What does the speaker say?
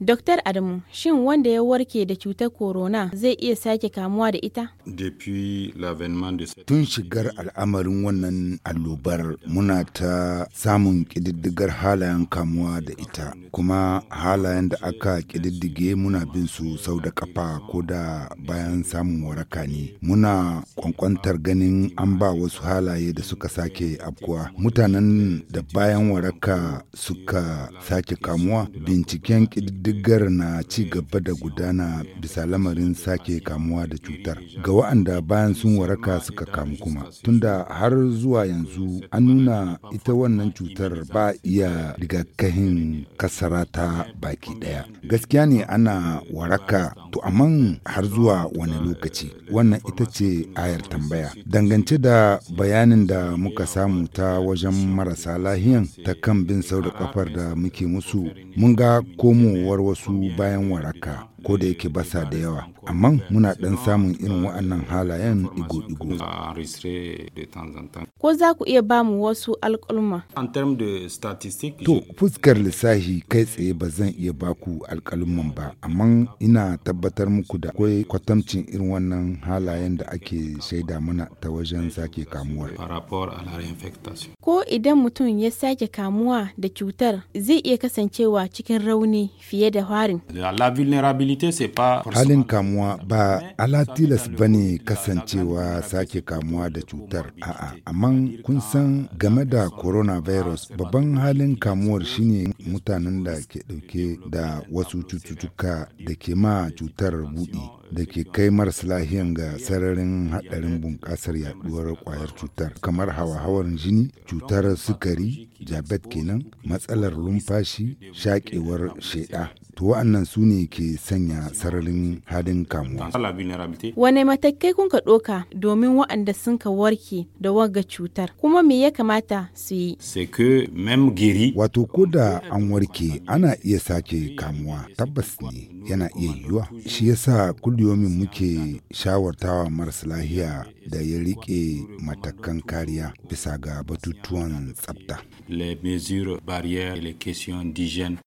Doktar Adamu, shin wanda ya warke da cutar corona zai iya sake kamuwa da ita? Tun shigar al'amarin wannan allobar muna ta samun ƙididdigar halayen kamuwa da ita, kuma halayen da aka ƙididdige muna bin su sau da ƙafa ko da bayan samun waraka ne. Muna kwankwantar ganin an ba wasu halaye da suka sake abkuwa. Mutanen da bayan waraka suka sake kamuwa, binciken ƙididdigar ƙididdigar na ci gaba da gudana bisa lamarin sake kamuwa da cutar ga wa'anda bayan sun waraka suka kamu kuma tunda har zuwa yanzu an nuna ita wannan cutar ba iya rigakafin kasara ta baki ɗaya gaskiya ne ana waraka to amma har zuwa wani lokaci wannan ita ce ayar tambaya dangance da bayanin da muka samu ta wajen marasa lahiyan ta kan bin sau da kafar da muke musu mun ga komowar shigowar wasu bayan waraka ko da yake basa da yawa amma muna dan samun irin waɗannan halayen igo-igo ko za ku iya ba mu wasu alƙalma? To, fuskar lissahi kai tsaye ba zan iya baku ku ba, amma ina tabbatar muku da akwai kwatamcin irin wannan halayen da ake shaida mana ta wajen sake kamuwa. Ko idan mutum ya sake kamuwa da cutar zai iya kasancewa cikin rauni fiye da harin. Halin kamuwa ba alatilas ba ne kasancewa sake kamuwa da cutar, a'a, amma nan kun san game da coronavirus babban halin kamuwar shine mutanen da ke dauke da wasu cututtuka da ke ma cutar buɗi da ke kai maras lahiyan ga sararin haɗarin bunƙasar yaɗuwar ƙwayar cutar kamar hawa-hawar jini cutar sukari jabet kenan matsalar numfashi, shaƙewar sheɗa to wa'annan su ne ke sanya sararin halin kamuwa wane matakai kun ka ɗoka domin wa'anda sun ka warke da waga cutar kuma me ya kamata su yi wato ko da an warke ana iya sake kamuwa tabbas ne yana iya yiwuwa shi yasa kulliyomin muke shawartawa marasa lahiya da ya rike matakan kariya bisa ga batutuwan tsafta.